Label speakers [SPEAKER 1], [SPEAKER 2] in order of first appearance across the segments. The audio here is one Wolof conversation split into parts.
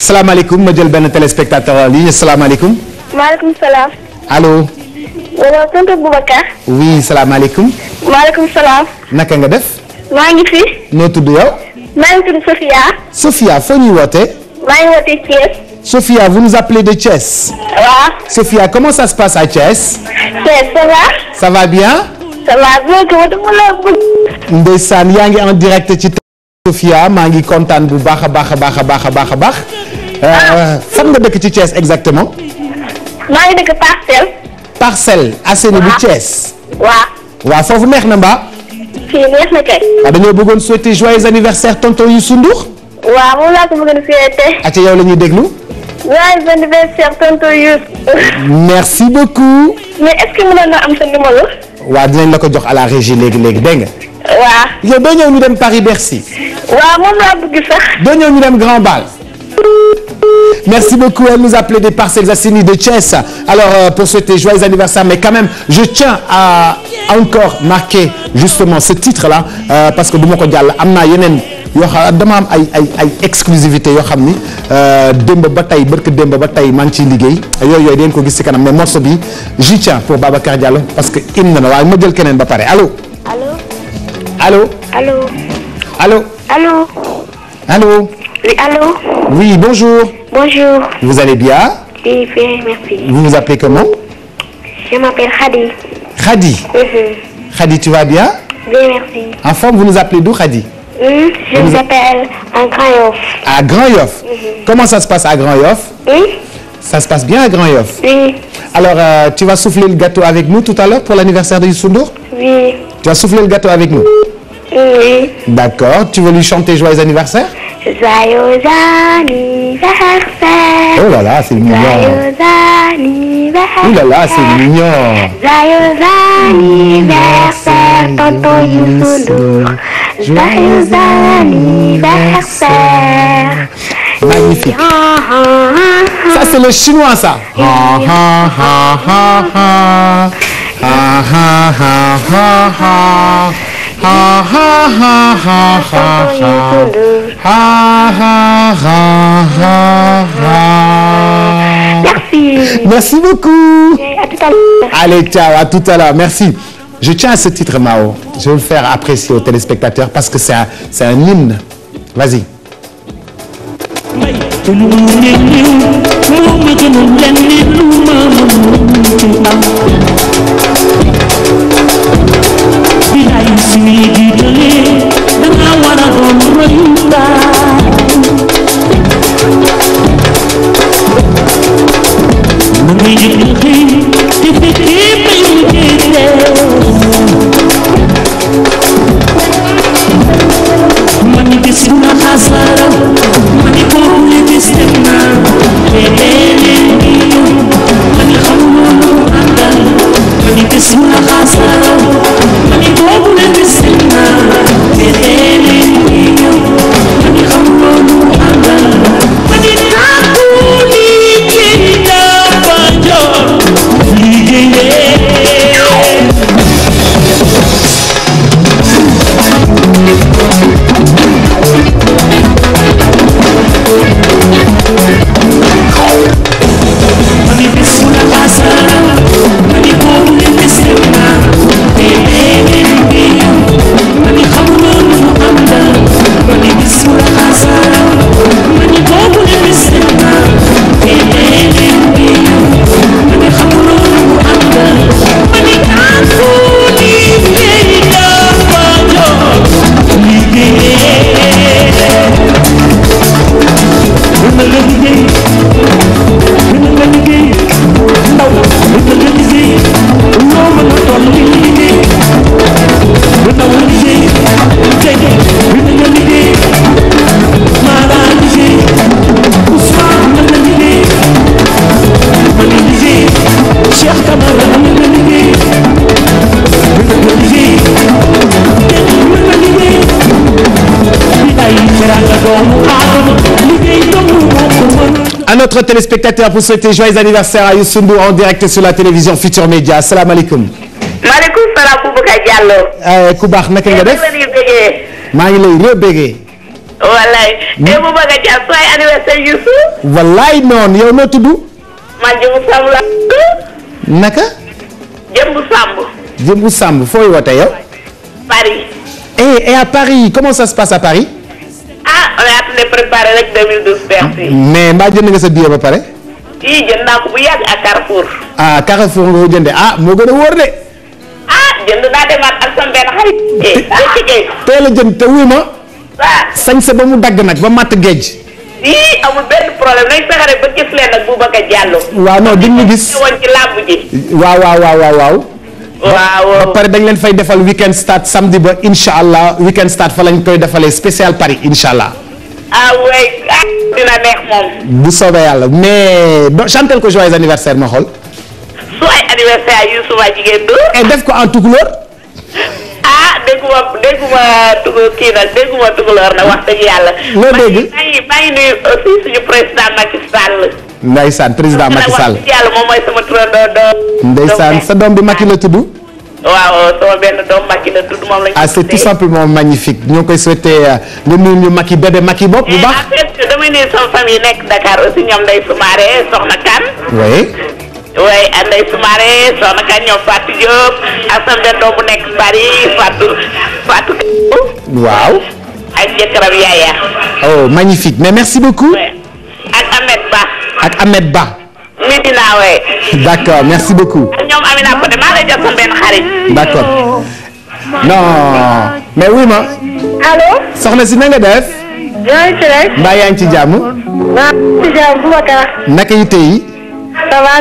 [SPEAKER 1] salaamaaleykum ma jël benn téléspectateur li ñu salaamaaleykum.
[SPEAKER 2] maaleykum salaam. allo. wala tontu Boubacar.
[SPEAKER 1] oui salaamaaleykum.
[SPEAKER 2] maaleykum salaam. naka nga def. maa ngi fi. noo tudd yow. maa ngi Sofia.
[SPEAKER 1] Sofia foo ñuy wootee.
[SPEAKER 2] maa ngi wootee Thiès.
[SPEAKER 1] Sofia vous nous appelez de Thiès. Sofia comment ça se passe à Thiès. Thiès
[SPEAKER 2] va.
[SPEAKER 1] ça va bien. ça va bien. ndeysaan yaa ngi en direct ci. Sofia maa ngi kontaan bu baax a baax a baax a baax a baax. Euh, fan nga dëkk ci Thiès exactement.
[SPEAKER 2] maa ngi dëkk Parcelles.
[SPEAKER 1] Parcelles Assainies bi Thiès.
[SPEAKER 2] waaw
[SPEAKER 1] waaw foofu neex na mbaa.
[SPEAKER 2] fii neex na kay.
[SPEAKER 1] Ah, bëggoon souhaiter joyeux anniversaire tonton Youssou Ndour.
[SPEAKER 2] waaw moom laa ko bëggoon souhaiter.
[SPEAKER 1] ak ah, yow la ñuy déglu.
[SPEAKER 2] joyeux anniversaire tonton Youssou.
[SPEAKER 1] merci beaucoup.
[SPEAKER 2] mais est-ce que na am sa numéro.
[SPEAKER 1] waaw dinañ la ko jox à la régie léegi léegi dégg nga. waaw. yow doo ñëw ñu dem Paris Bercy.
[SPEAKER 2] waaw moom laa bëgg sax.
[SPEAKER 1] doo Grand Bal. Merci beaucoup. Elle nous a appelé des Parcelles de Thiès. Alors, euh, pour souhaiter joyeux anniversaire, mais quand même, je tiens à encore marquer justement ce titre-là euh, parce que du ma ko jàll am naa yeneen yoo xam dama am ay ay ay exclusivité yoo xam ni euh, démb ba tey barke démb ba tey maa ngi ciy liggéey yooyu yooyu dangeen ko gis ci kanam mais morceau bi j'y tiens pour Babacar Diallo parce que im na na waaye ma jël keneen ba pare allo.
[SPEAKER 2] allo. allo. allo. allo. allo. Oui, allô
[SPEAKER 1] Oui, bonjour. Bonjour. Vous allez bien
[SPEAKER 2] Oui, bien, merci.
[SPEAKER 1] Vous vous appelez comment
[SPEAKER 3] Je m'appelle Khadi. Khadi mmh.
[SPEAKER 1] Khadi, tu vas bien Bien, merci. En forme, vous nous appelez d'où, Khadi
[SPEAKER 2] Je vous, vous appelle
[SPEAKER 1] à À grand mhm. Comment ça se passe à Grand-Yoff Ça se passe bien à grand Alors, euh, tu vas souffler le gâteau avec nous tout à l'heure pour l'anniversaire de Youssou
[SPEAKER 2] Tu
[SPEAKER 1] vas souffler le gâteau avec nous D'accord. Tu veux lui chanter Joyeux anniversaire
[SPEAKER 2] Joyeux anniversaire.
[SPEAKER 1] Oh là là, c'est mignon. Joyeux
[SPEAKER 2] anniversaire. Oh là là, c'est
[SPEAKER 4] mignon. Joyeux anniversaire, tonton Youssoudour. Joyeux anniversaire. Magnifique.
[SPEAKER 1] Ça, c'est le chinois, ça. Ha ha ha ha
[SPEAKER 4] ha. Ha ha ha ha ha. Ha ha ha ha ha ha. Ha ha ha ha ha. Merci. Merci beaucoup. Et à tout à l'heure.
[SPEAKER 1] Allez, ciao, à tout à l'heure. Merci. Je tiens à ce titre, Mao. Je vais le faire apprécier aux téléspectateurs parce que c'est un, c'est un hymne. Vas-y.
[SPEAKER 4] suñuy jiitale danga war a doon royukaay na ngay jëkk xëy te fekkee may mujjee teew
[SPEAKER 1] à notre téléspectateur pour souhaiter joyeux anniversaire à Youssou Ndour en direct sur la télévision Futur Média asalaamaaleykum.
[SPEAKER 2] maaleykum salaam Boubacar Diallo.
[SPEAKER 1] Eh, ku baax naka nga def maa ngi lay rëbbégee.
[SPEAKER 2] wallaay. eh Boubacar Diallo sooy anniversaire Youssou. wallaay noonu yow noo tudd. man Jëmbu Samb la. naka. Jëmbu Samb.
[SPEAKER 1] Jëmbu Samb fooy wootee yow.
[SPEAKER 2] Paris. eh et à Paris comment ça se passe à Paris. ah on est en train de préparer rek 2012 Bercy.
[SPEAKER 1] mais mbaa jënd nga sa billet ba pare.
[SPEAKER 2] ii jënd naa ko bu yàgg ak Carrefour.
[SPEAKER 1] ah Carrefour nga ko jëndee ah
[SPEAKER 2] moo gën a wóor de. ah jënd naa demaat ak sama benn xarit. teel a jënd te wuy ma. waaw ah. sa ba mu dagg nag ba matt géej. ii amul benn problème nañ fexe rek ba gis leen ak Boubacar Diallo. waaw non duñ ñu gis. ci
[SPEAKER 1] waaw waaw waaw waaw. waaw ba pare dañ leen fay defal weekend start samedi ba incha allah weekend start fa lañ koy defalee spécial Paris incha allah.
[SPEAKER 2] ah oui ah, dina neex moom.
[SPEAKER 1] bu soobee yàlla mais chantel ko joyeux anniversaire ma xool.
[SPEAKER 2] su ay anniversaire yu suma jigéen do et eh, def ko en tukulóor. ah dégguma dégguma tugu kii nag dégguma tukulóor nag wax dëgg yàlla. loo dégg maa ngi maa ngi nuyu président Macky
[SPEAKER 1] Ndeysaan président Macky Sall
[SPEAKER 2] yàlla sa
[SPEAKER 1] doom bi Macky la tudd.
[SPEAKER 2] waaw sama benn doom Macky la moom lañ. ah c'est tout simplement
[SPEAKER 1] magnifique ñoo koy souhaiter euh, nga nuyu ñu Macky bébé Macky bopp bu eh, baax. en
[SPEAKER 2] fait damay nuyu sama famille nekk Dakar aussi ñoom Ndeye Soumaré Soxna Kane. oui. oui ah, Ndeye Soumaré Soxna Kane ñoom Fatou Diop ak sama benn doom bu nekk Paris Fatou Fatou. waaw. ak jëkkëram Yaya.
[SPEAKER 1] oh magnifique mais merci beaucoup.
[SPEAKER 2] ak Ahmed Ba.
[SPEAKER 1] ak Ahmed Ba.
[SPEAKER 2] Medina waay.
[SPEAKER 1] d' accord merci beaucoup.
[SPEAKER 2] maa lay jot sama xarit. d' non
[SPEAKER 1] mais wuy ma. soxna si na nga def.
[SPEAKER 2] yaa ngi ci rek. mbaa yaa ngi ci jàmm. maa ngi ci jàmm bu baax.
[SPEAKER 1] naka yi tey.
[SPEAKER 2] ça va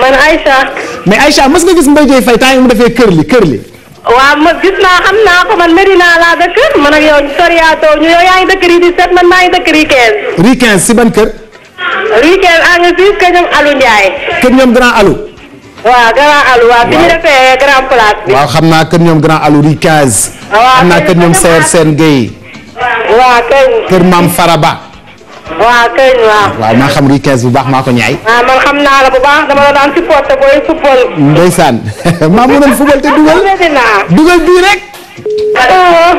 [SPEAKER 2] man Aïcha.
[SPEAKER 1] mais Aïcha mës gis
[SPEAKER 2] Mbaye Dieye Faye temps yi mu defee kër li kër li. waaw ma gis naa xam naa ko man Medina laa dëkk man ak yow soriaatoo ñu ngi dëkk rii di set man maa ngi dëkk rii
[SPEAKER 1] 15. rii si ban kër.
[SPEAKER 2] rii 15 ànd si kër ñoom Alou Ndiaye. kër ñoom grand Alou. waaw grand Alou waaw fi ñu defee grand place bi.
[SPEAKER 1] xam naa kër ñoom grand Alou rii 15. waaw xam naa kër ñoom Seer Seen Guèye.
[SPEAKER 2] waaw kër. Faraba. waaw kay waaw. waaw maa xam
[SPEAKER 1] Rikaz bu baax maa ko ñaay.
[SPEAKER 2] ah man xam naa la bu dama la daan supporté booy football.
[SPEAKER 1] ndeysaan
[SPEAKER 2] maa mënoon football te dugal. dugal bii rek.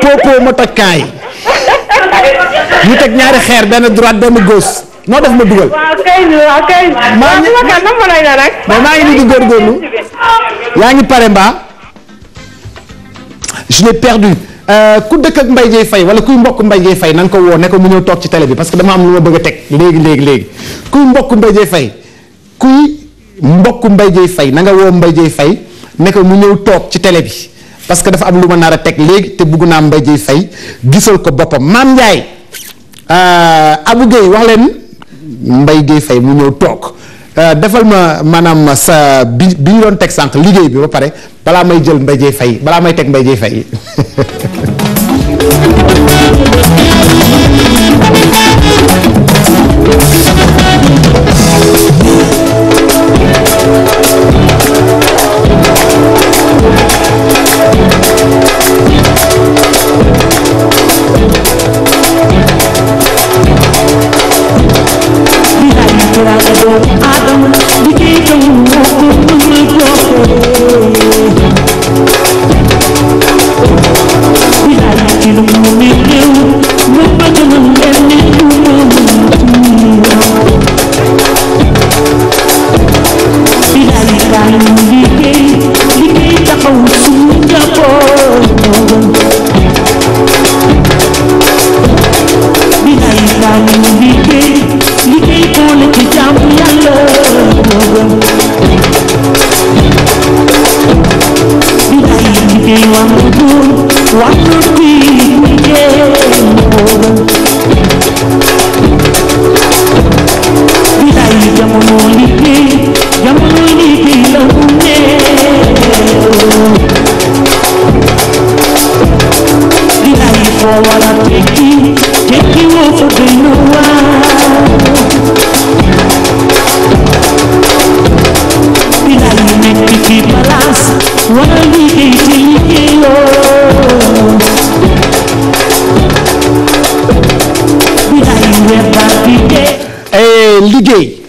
[SPEAKER 1] popo ma toj kaay. ñu teg ñaari xeer benn droite benn gos noo def ma dugal.
[SPEAKER 4] waaw kay maa ngi maa ngi maa ngi nii di góorgóorlu. yaa
[SPEAKER 1] ngi pare mbaa. je l'ai perdu. Euh, ku dëkk ak Mbaye Dieye fay wala kuy mbokk mbay Dieye fay nanga ko woo ne mu ñëw toog ci tele bi parce que dama am lu ma bëgg a teg léegi léegi léegi kuy mbokk Mbaye Dieye Faye kuy mbokk na nga woo Mbaye Dieye Faye mu toog ci télé bi parce que dafa am lu ma nar a teg léegi te bugg naa Mbaye Dieye Faye gisal ko boppam Maam Ndiaye euh, abu Gueye wax leen Mbaye Dieye Faye mu ñëw toog Euh, defal ma maanaam sa bi bi ñu doon teg sànq liggéey bi ba pare balaa may jël Mbaye fay balaa may teg Mbaye Dieye Faye liggéey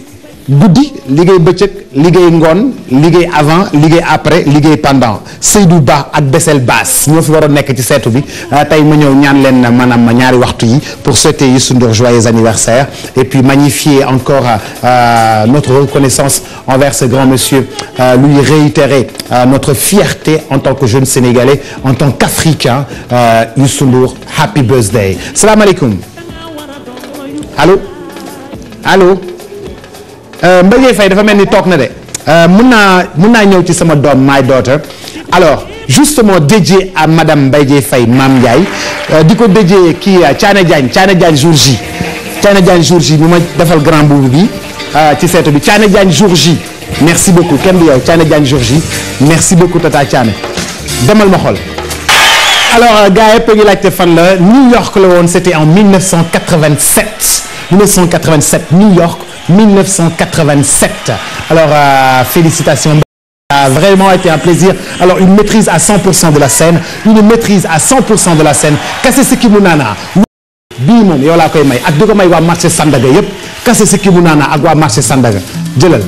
[SPEAKER 1] guddi liggéey bëccëg liggéey ngoon liggéey avant liggéey après liggéey pendant Seydou Ba ak Bessel Bass ñoo fi war a nekk ci seetu bi euh, tey ma ñëw ñaan leen maanaam ñaari waxtu yi pour souhaiter Youssou Ndour joyeux anniversaire et puis magnifier encore euh, notre reconnaissance envers ce grand monsieur euh, lui réitérer euh, notre fierté en tant que jeune Sénégalais en tant qu'Africain euh, Youssou Ndour happy birthday salaamaaleykum allo allo Euh, Mbaye fay dafa mel ni toog na de euh, mun naa mun naa ñëw ci sama doom my daughter alors justement dédié à madame Mbaye fay Mame Ndiaye euh, di ko dédié kii Thiana Diagne Thiana Diagne jour J Thiana Diagne jour J mu ma defal grand boubou bi ci seetu bi Thiana Diagne jour J merci beaucoup kenn du yow Thiana Diagne jour J merci beaucoup Tata Thiana demal ma xool. alors gars yëpp a laajte fan la New York la woon c'était en 1987 1987 New York. 1987. Alors, euh, félicitations. Ça a vraiment été un plaisir. Alors, une maîtrise à 100% de la scène. Une maîtrise à 100% de la scène. Kase Sikki mu naanaa bii moom yow laa koy may ak di ko may marché Sandaga yëpp Kase Sikki mu naanaa ak waa marché Sandaga jëlal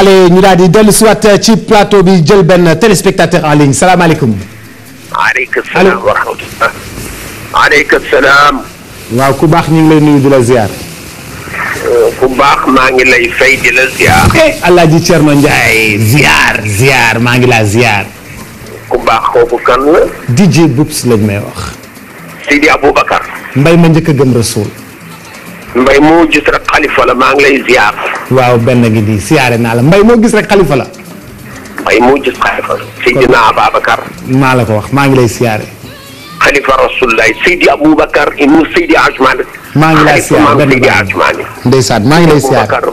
[SPEAKER 1] allez ñu daal di dellu si euh, ci plateau bi jël benn téléspectateur en ligne salaam wa waaw ku baax ñu ngi nuyu di la ziar.
[SPEAKER 3] Euh, ku baax maa ngi lay fay di la ziar.
[SPEAKER 1] Eh, Alaaji Thierno Ndiaye ziar maa ngi laa ziar. ku baax kooku kan la. DJ Boups lañ may wax. Sidi Aboubacar. mbay ma njëkk a gëm Rasoul.
[SPEAKER 3] mbay moo gis rek xalifa la maa ngi lay ziar.
[SPEAKER 1] waaw siyaare naa la mbay moo gis rek xalifa la.
[SPEAKER 3] mbay moo gis xalifa la. Seydina Ababacar.
[SPEAKER 1] maa la ko wax maa ngi lay siyaare.
[SPEAKER 3] xalifa rasulullah Seydi Aboubacar ibnu Seydi Ajmane. maa ngi lay siyaare benn Seydi Ajmane.
[SPEAKER 1] ndeysaan maa ngi lay siyaare.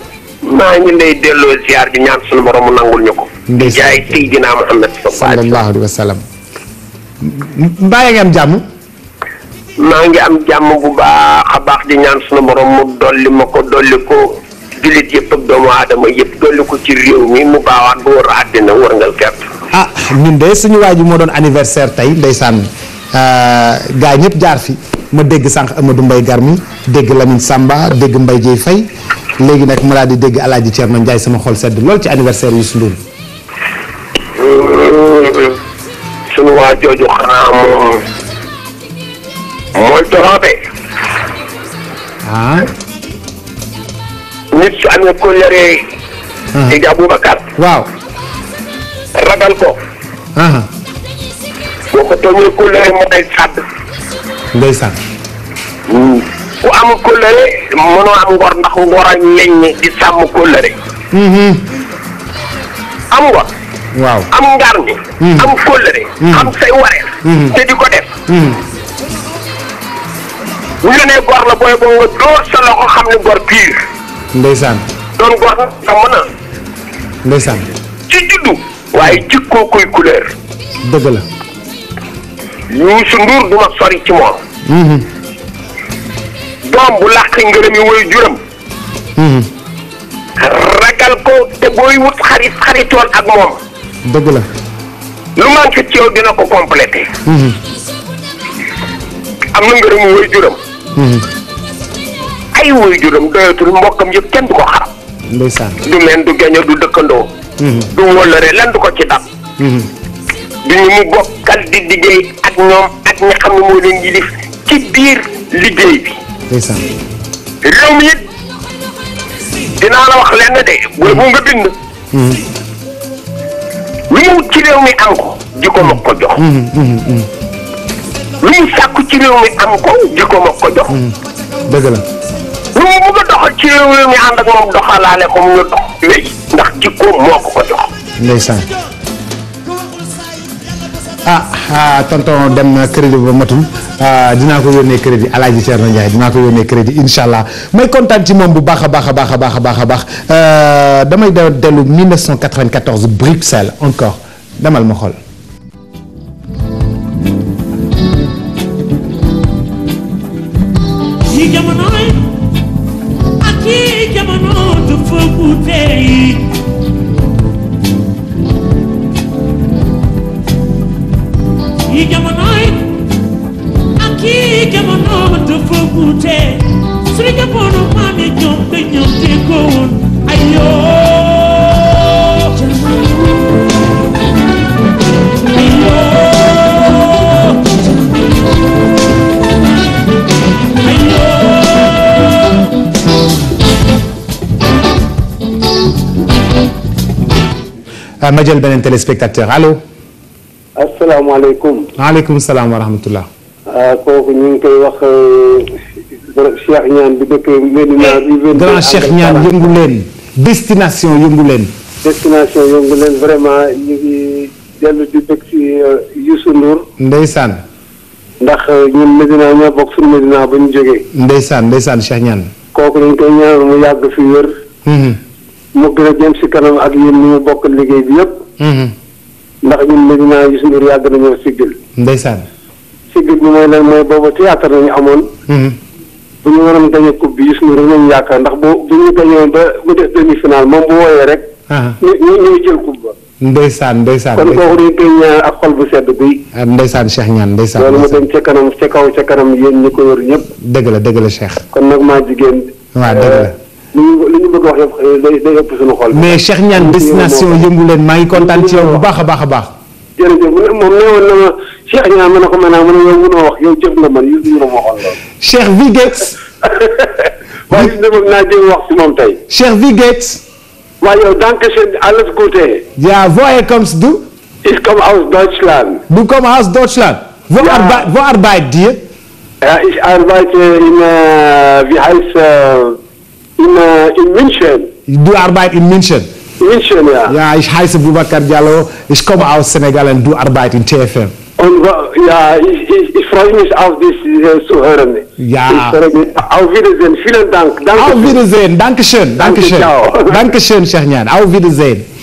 [SPEAKER 3] maa ngi lay delloo ziar di ñaan suñu borom mu nangul ñu ko. maa ngi am jàmm bu baax a baax di ñaan sunu borom mu dolli ma ko dolli ko jullit yëpp ak doomu aadama yëpp dolli ko ci réew mi mu baawaat bu war a àddina wërngal kepp
[SPEAKER 1] ah ñun de suñu waa ji moo doon anniversaire tey ndeysaan ah, gaa yi ñëpp jaar fi ma dégg sànq Amadou Mbaye Garmi dégg Lamine Samba dégg Mbaye Dieye Faye léegi nag ma daal di dégg El Hadj Thierno Ndiaye sama xol sedd lool ci anniversaire yu si mm,
[SPEAKER 3] sunu jooju xanaa moytoroɓe a ah. nit su amee colère Seydi ah. Aboubacar waaw ragal ko ah. boo ko tooñee colère moo koy sàdd
[SPEAKER 1] ndeysaan hmm.
[SPEAKER 3] ku am colère mënoo am ngor ndax ngor a di sàmm colère mm-hmm. am ngor waaw am ngar ni mm-hmm. am colère
[SPEAKER 4] mm-hmm. say wareel
[SPEAKER 3] te di ko bu ñu nee gor la booy boo nga dóor sa loxo xam ne gor piir ndeysaan doon gor nga mën a ndeysaan ci juddu waaye jikkoo koy couleur dëgg la Youssou Ndour du ma sori ci moom mhm. doom bu làq ngërëm woy juram mhm. ragal ko te booy wut xarit xaritoon ak moom dëgg la lu manqué ci yow dina ko complété mhm. am na ngërëm woy juram
[SPEAKER 5] Mm-hmm.
[SPEAKER 3] ay woy juróom doyatul mbokkam yëpp kenn du ko xarab ndeysaan du meen du geño du dëkkandoo mm-hmm. du wóllare lan du ko ci dab mm-hmm. du ñu mu bokkal di liggéey ak ñoom ak ña xam ne leen yilif ci biir liggéey bi réew mi it dinaa la wax lenn de booy bu nga bind lu mu ci réew mi am ko di ko jox liñ sàkku ci réew mi am ko jikko ma ko jox. Hmm. dëgg la. lu mu bëgg a doxal ci réew mi ñu ànd ak moom doxalaale ko mu ñu dox ndax jikko moo ko jox.
[SPEAKER 1] ndeysaan. ah ah tonton dem na crédit ba matul ah, dinaa ko yónnee crédit El Hadj Thierno dinaa ko yónnee crédit incha may kontaan ci moom bu baax a baax a baax a baax a baax a baax euh, damay dellu 1994 Bruxelles encore demal ma xool.
[SPEAKER 4] a guddee yi jamonoy ak yi jamono dafa guddee suñu jamono maam yi ñoom te ñoom te ko woon ayoo
[SPEAKER 1] waaw ma jël beneen téléspectateur allo.
[SPEAKER 5] asalaamaaleykum.
[SPEAKER 1] maaleykum salaam wa ah,
[SPEAKER 5] kooku ñu ngi koy wax euh, Cheikh Niane bi dëkk Medina. grand Cheikh Niane
[SPEAKER 1] yëngu destination yëngu
[SPEAKER 5] destination yëngu vraiment ñu ngi dellu di dëkk ci euh, Youssou Ndour. ndeysaan. ndax euh, Medina ñoo bokk suñu Medina ba ñu jógee.
[SPEAKER 1] ndeysaan ndeysaan Cheikh Niane.
[SPEAKER 5] kooku dañ koy mu yàgg fi wér. Mm-hmm. mu gën a jëm si kanam ak yéen ñi ñu bokk liggéey bi yëpp. Mm-hmm. ndax ñun léegi naa gis mbir yàgg nañoo siggil. ndeysaan. siggil bi mooy lan mooy booba théâtre nañu amoon. Mm-hmm. bu ñu waroon gañe coupe bi gis mbir nañu yaakaar ndax bu bu ñu gañoon ba mu def demi final moom bu wooyee rek. Uh-huh. ñu ñu jël coupe ba.
[SPEAKER 1] ndeysaan ndeysaan kon kooku
[SPEAKER 5] dañ koy ñaan ak xol bu sedd
[SPEAKER 1] guy. Ah, ndeysaan Cheikh ñaan ndeysaan. loolu mu dem
[SPEAKER 5] ca kanam ca kaw ca kanam yéen ñi ko wër ñëpp.
[SPEAKER 1] dëgg la dëgg la Cheikh.
[SPEAKER 5] kon nag maa jigéen. waaw dëgg la. li ñu li ñu bëgg wax yëpp eh, day day ëpp suñu xol. mais Cheikh Niane destination
[SPEAKER 1] yëngu leen maa ngi kontaan ci yow bu baax a baax a baax.
[SPEAKER 5] jërëjëf mu ne moom nee woon na ma Cheikh Niane ma ne ko maanaam ma ne yow mënoo wax yow jëf nga man yow duñu la ma waxoon loolu. Cheikh V Gates. waaye li demoon naa jëm wax si moom tey. Cheikh V Gates. waaye yow Dankeschön alles Gute. ja woher kommst du? Ich komme aus Deutschland. du
[SPEAKER 1] kommst aus Deutschland. wo arbeit wo arbeitet ihr? Ah, ja ich arbeite in euh, wie heißt euh, in uh, in München. You do Arbeit in München? München, ja. Ja, ich heiße Boubacar Diallo. Ich komme aus Senegal und du Arbeit in TFM.
[SPEAKER 5] Und ja, ich, ich, ich freue mich auch, dich äh, zu hören. Ja. Auf Wiedersehen. Vielen Dank. Danke.
[SPEAKER 1] Auf Wiedersehen. Dankeschön. Dankeschön. Danke, Dankeschön, Schachnian. Auf Wiedersehen.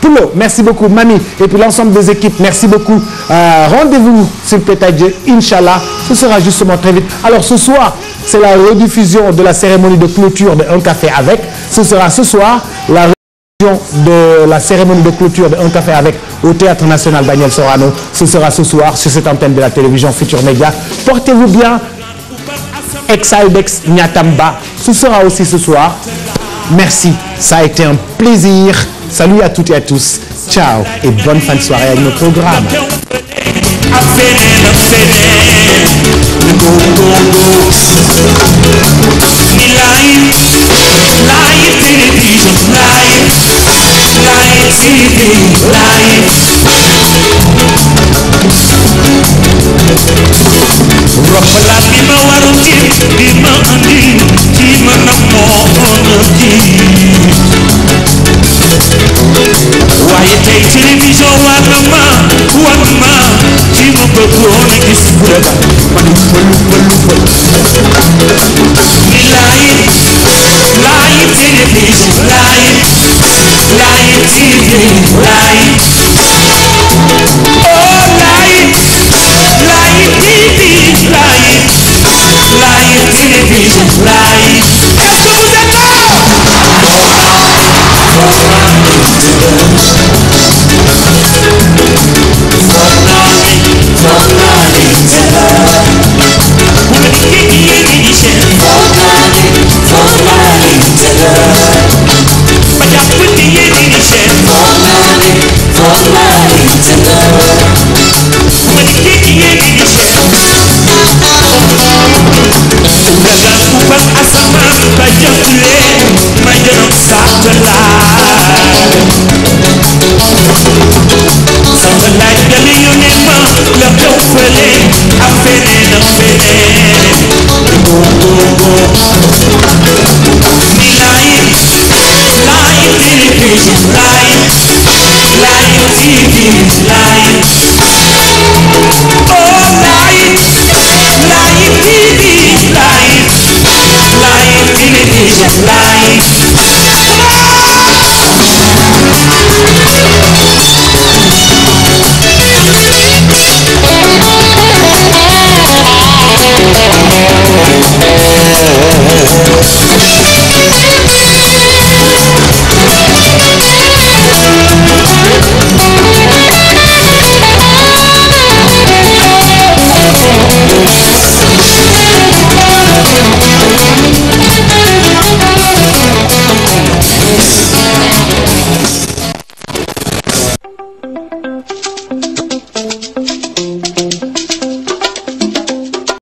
[SPEAKER 1] Thomas Poulot. Merci beaucoup, Mami. Et puis l'ensemble des équipes, merci beaucoup. Euh, Rendez-vous sur Dieu, Ce sera justement très vite. Alors ce soir, c'est la rediffusion de la cérémonie de clôture de Un Café Avec. Ce sera ce soir la de la cérémonie de clôture de Un Café Avec au Théâtre National Daniel Sorano. Ce sera ce soir sur cette antenne de la télévision Futur Média. Portez-vous bien. Exaldex Nyatamba. Ce sera aussi ce soir. Merci. Ça a été un plaisir. Salut à toutes et à tous. Ciao et bonne fin de soirée avec nos programmes. Live,
[SPEAKER 4] live television, live, live TV, live. dootu woon a gis bu la dal ma ne fël fël